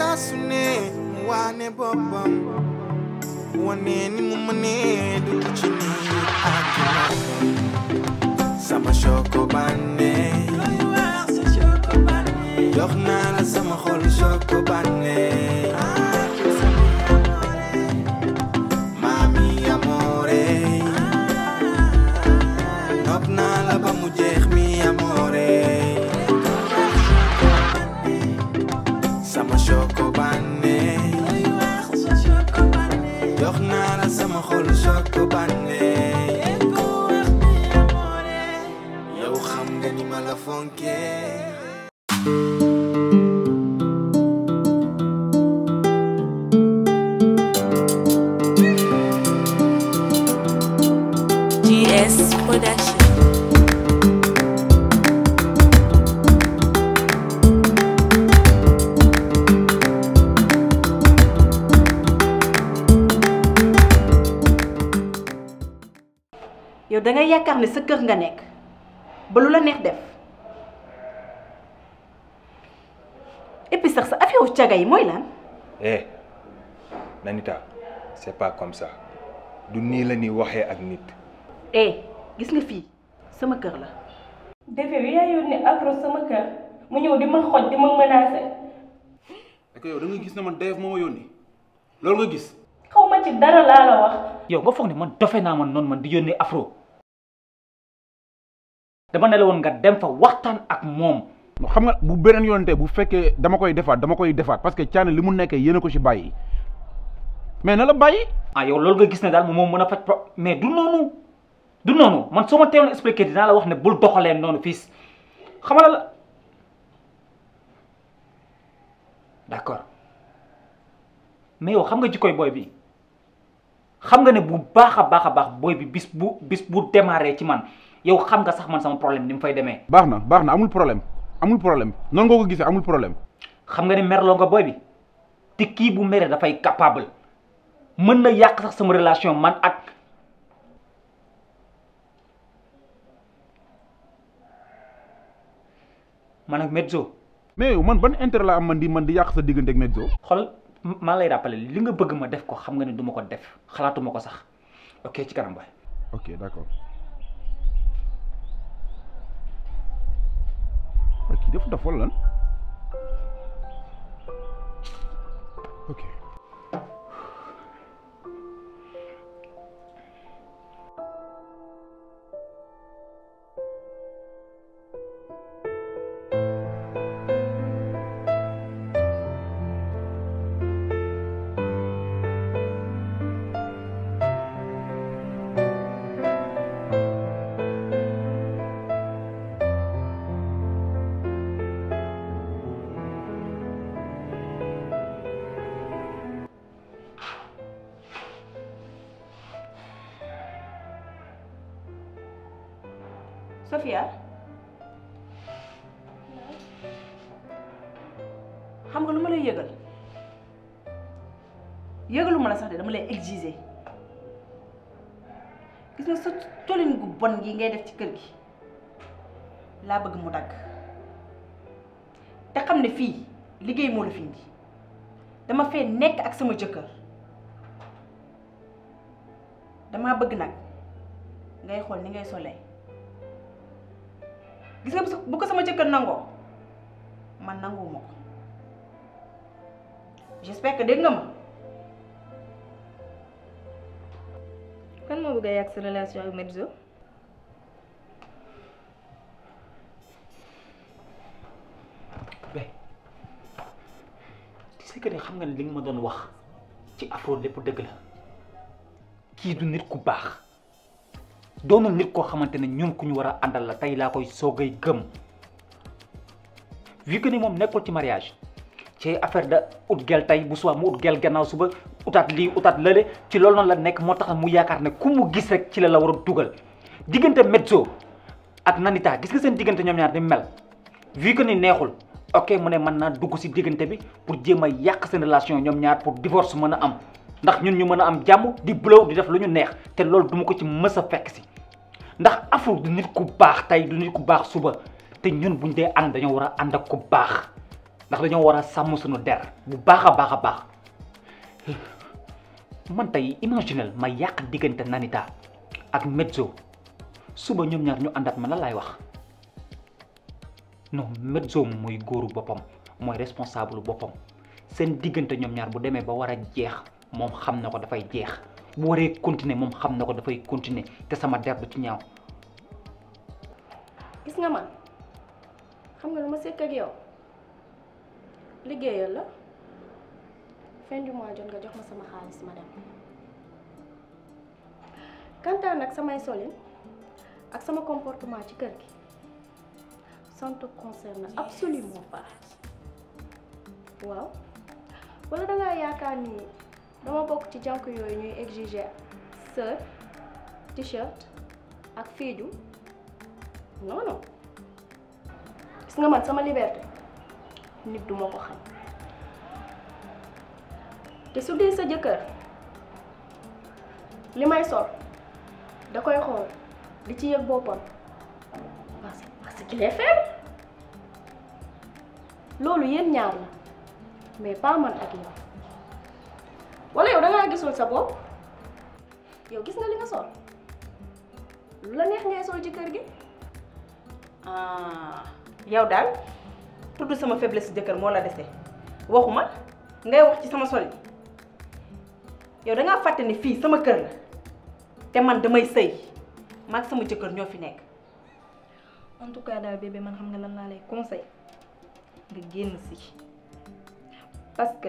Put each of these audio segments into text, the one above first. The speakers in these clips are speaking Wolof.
sasune wane bobam wane ni mumane dukuchini akina sama shoko bane jox na la sama khol shoko bane yow da ngay yaakaar ne sa kër nga nekk ba lu la neex def et puis sax sa affaire caga yi mooy lan. eh Nanita c'est pas comme ça du nii la ñuy waxee ak nit. eh gis nga fii sama kër la. defe bi yaa yónnee Afro sama kër mu ñëw di ma xoj di ma menacé. ak yow da nga gis ne man Dave moo yoon yónni loolu nga gis. xaw ma ci dara laa la wax. yow nga foog ne man dofe naa man noonu man di yónnee Afro. dama ne la woon nga dem fa waxtaan ak moom. xam nga bu beneen yoon tey bu fekkee dama koy defaat dama koy defaat parce que Thiané li mu nekkee yéen ko ci bàyyi mais na la bàyyi. ah yow loolu nga gis ne daal moom moo mën a faj pro mais du noonu du noonu man soo ma teewoon expliqué dinaa la wax ne bul doxalee noonu fii xamal la d'accord mais yow xam nga jikkoy booy bi xam nga ne bu baax a baax a baax booy bi bis bu bis bu démarré ci man. yow xam nga sax man sama problème nim fay démé baxna baxna amul problème amul problème non nga ko gissé amul problème. xam nga ni merlo nga boy bi té ki bu da fay capable mën na yàq sax sama relation man ak. man ak mezzo mais yow man ban intérêt la am man di man di yak sa diggante ak mezzo xol ma lay rappelé li nga bëgg ma def ko xam nga ni duma ko def xalaatuma ko sax ok ci kanam Oke, ok d'accord. kii dafa dof wala lan Sofia xam nga lu ma lay yëgal yëgalu la sax de dama lay exiger gis nga sa tolin gu bon gi ngay def ci kër gi laa bëgg mu dagg te xam ne fii liggéey moo la fi dama fee nekk ak sama jëkkër dama bëgg nag ngay xool ni ngay sole gis nga bu ko sama jëkkër nangoo man nanguwuma ko j'espère que dégg nga ma. kan moo bëgg a sa relation ak Medzo. si que ne xam nga ne li nga ma doon wax ci afro lépp dëgg la kii du nit ku baax. doonul nit koo xamante ne ñun ku ñu war a àndal la tey laa koy soogay gëm vu que ni moom nekkul ci mariage ci affaire da ut gel tey bu suba mu ut gel gannaaw suba utaat lii utaat lële ci loolu noonu la nekk moo tax mu yaakaar ne ku mu gis rek ci la la war a dugal diggante Medzo ak nanitaa gis nga seen diggante ñoom ñaar di mel vu que ni neexul ok mu ne mën naa dugg si diggante bi pour jéem a yàq seen relation ñoom ñaar pour divorce mën a am. ndax ñun ñu mëna am jamm di blow di def lu ñu neex té loolu duma ko ci mësa a fekk ci ndax afro du nit ku baax tay du nit ku baax suba té ñun buñ dé and dañu wara and ak ku baax ndax dañu wara sam suñu der bu baaxa a baax a man tay imaginal ma yaq digënté nanita ak mezzo suba ñom ñaar ñu andat ma lay wax non mezzo moy goru bopam moy responsable bopam seen digënté ñom ñaar bu démé ba wara mom xam nako da fay jeex bu waree continuer mom xam nako da fay continuer té sama der du ci ñaaw. gis nga man xam nga lu ma ak yow liggéeyal la fin du mois jot nga jox ma sama xaaliss ma dem kanta nak sama ak sama comportement ci kër gi ça te concerne absolument pas wow wala nga yaakaar ni. dama bokk ci jànk yooyu ñuy exiger sër t-shirt ak fiiju non non gis nga sama liberté nit du ko xam te su dee sa jëkkër li may da koy xool di ci yëg boppam parce parce qu'il est faible mais pas man ak wala yow da ngaa gisul sa bop yow gis nga li nga sol la neex ngay sol ci kër gi ah yow ya dal tuddu sama faiblesse jëkkër mo la dese waxuma ngay wax ci sama sol yi yow ya da nga faté ni fi sama kër la té man damay sëy maag sama jëkër ñoo fi nekk en tout cas daal bébé man xam nga lan la lay conseil nga génn ci parce que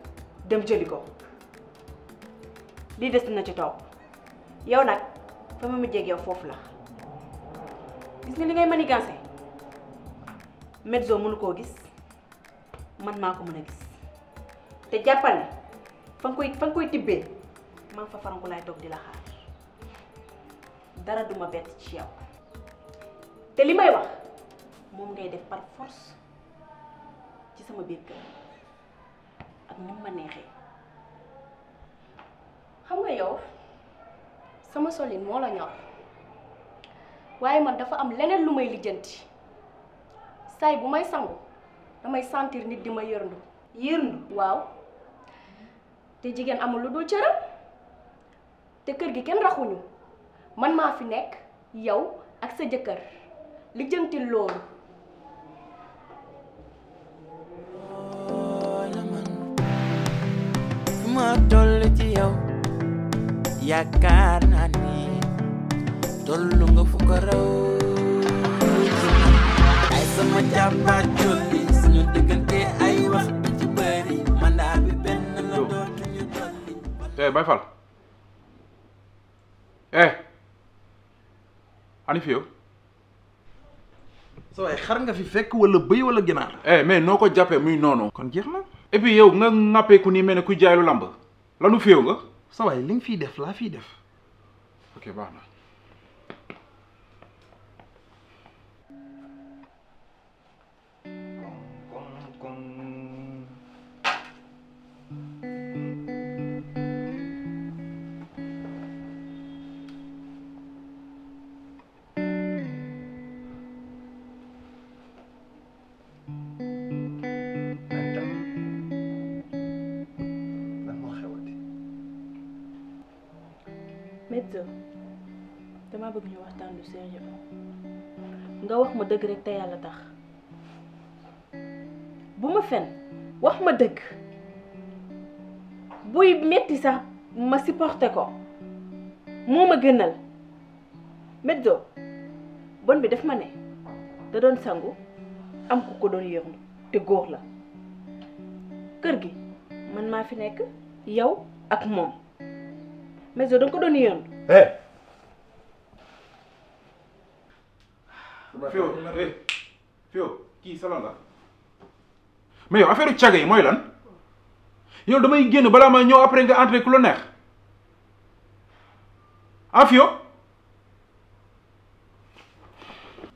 dem jëli ko lii des na ci topp yow nag fa ma mujjee ak yow foofu la gis nga li ngay manigancé Medzo mënu koo gis man maa ko mën a gis te jàppal ne fa nga koy fa nga koy tibbee man fa faranku laay toog di la xaar dara duma bett ci yow te li may wax moom ngay def par ci sama biir ni ma neexee xam nga yow sama solin moo la ñor waaye man dafa am leneen lu may lijjanti saay bu may sangu damay sentir nit di ma yërndu yërndu waaw te jigéen amul lu dul cëram te kër gi kenn raxuñu man maa fi nekk yow ak sa jëkkër lijjanti loolu ma toll ci yow yaakaar naa ni tollu nga fu ko raw ay sama jàmbaar jolli suñu diggante ay wax bi ci bëri mandat bi benn la dootuñu dolli eh Baye Fall eh ani fi yow sa waay xar nga fi fekk wala bëy wala ginaar eh mais noo ko jàppee muy noonu kon jeex na et puis yow nga nappeeku nii mel ne kuy jaay lu lamb lanu féew nga. sa waay li nga fiy def def. ok baax Aïda dama bëgg ñu waxtaan lu sérieux nga wax ma dëgg rek te yàlla tax bu ma fen wax ma dëgg buy metti sax ma supporté ko moo ma gënal Medzo bon bi daf ma ne da doon sangu am ku ko doon yërnu te góor la kër gi man maa fi nekk yow ak moom mais yow da ko doon yoon. Eh. Fio eh. Fio kii salon la mais yow affaire caga yi mooy lan yow damay génn balaa ma ñëw après nga entrer ku la neex ah Fio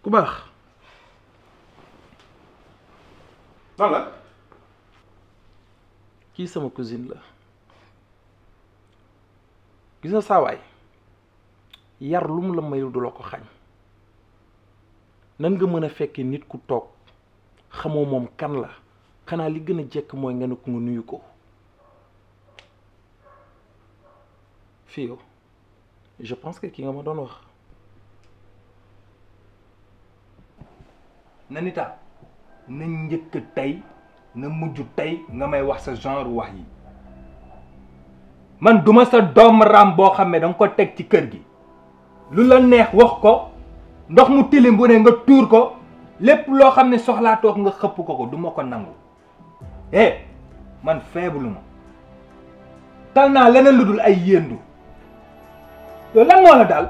ku baax. lan la. kii sama cousine la. gis na saawaay yar lu la mayul du la xagn nan nga meuna fekke nit ku tok xamo mom kan la xana li gëna a jekk mooy nga ne ko nga nuyu ko fiyo je pense que ki nga ma don wax Nanita na njëkk tay na mujj tay nga may wax sa genre wax yi man duma sa doom raam boo xam ne danga ko teg ci kër gi lu la neex wax ko ndox mu tilim bu ne nga tuur ko lépp loo xam ne soxlaa toog nga xëpp ko ko du ma ko nangu eh man feebulu ma tal naa leneen lu dul ay yéendu yow lan moo la daal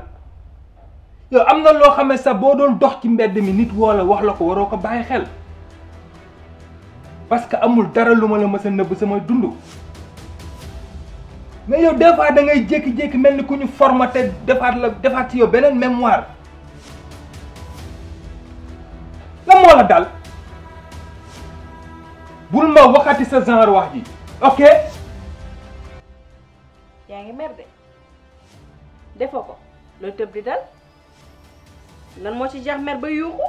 yow am na loo xam ne sax boo doon dox ci mbedd mi nit woo la wax la ko waroo ko bàyyi xel parce que amul dara lu ma la mës a nëbb sama dund mais yow des fois da ngay jékki-jékki mel ni ku ñu formaté defaat la defaat ci yow beneen mémoire lan moo la dal bul ma waxati sa genre wax ji ok. yaa ngi mer de defoo ko loolu tëb di dal lan moo ci jeex mer ba yuuxu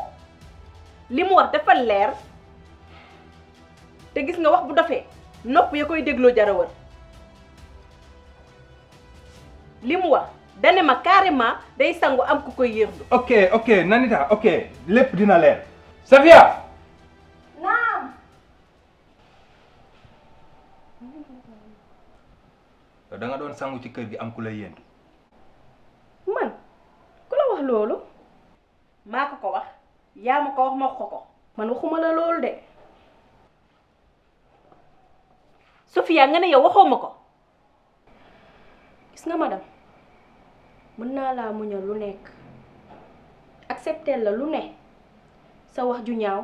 li mu wax dafa leer te gis nga wax bu dofee nopp ya koy dégloo jarawal limwa dan dane ma carrément day sangu am ku koy oke, ok ok nanita ok lepp dina leer Safia naam da nga don sangu ci keur gi am ku lay man ku la wax loolu mako ko wax ya ma wax ma ko man waxuma la loolu de Sofia nga ne yow waxoo ma gis mën naa laa muñal lu nekk accepter la lu ne sa wax ju ñaaw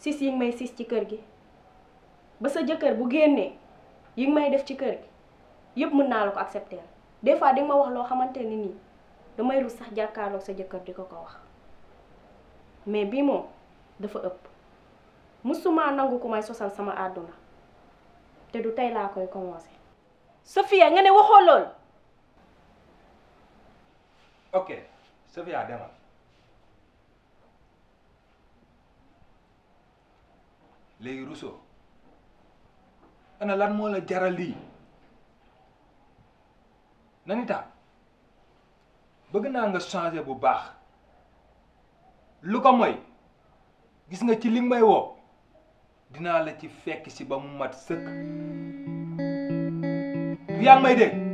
sis yi ngi may sis ci kër gi ba sa jëkkër bu génnee yi ngi def ci kër gi yëpp mën naa la ko accepter des fois di ma wax loo xamante ni nii damay rus sax jàkkaarloog sa jëkkër di ko ko wax mais bii moom dafa ëpp musuma nangu ku may sosal sama àdduna te du tey laa koy commencé Sophia nga ne waxoo loolu ok Sofia demal léegi Rousseau ana lan moo la jaral lii Nanita bëgg naa nga changer bu baax lu ko mooy gis nga ci li may woo dinaa la ci fekk si ba mu mat sëkk yaa ngi may dégg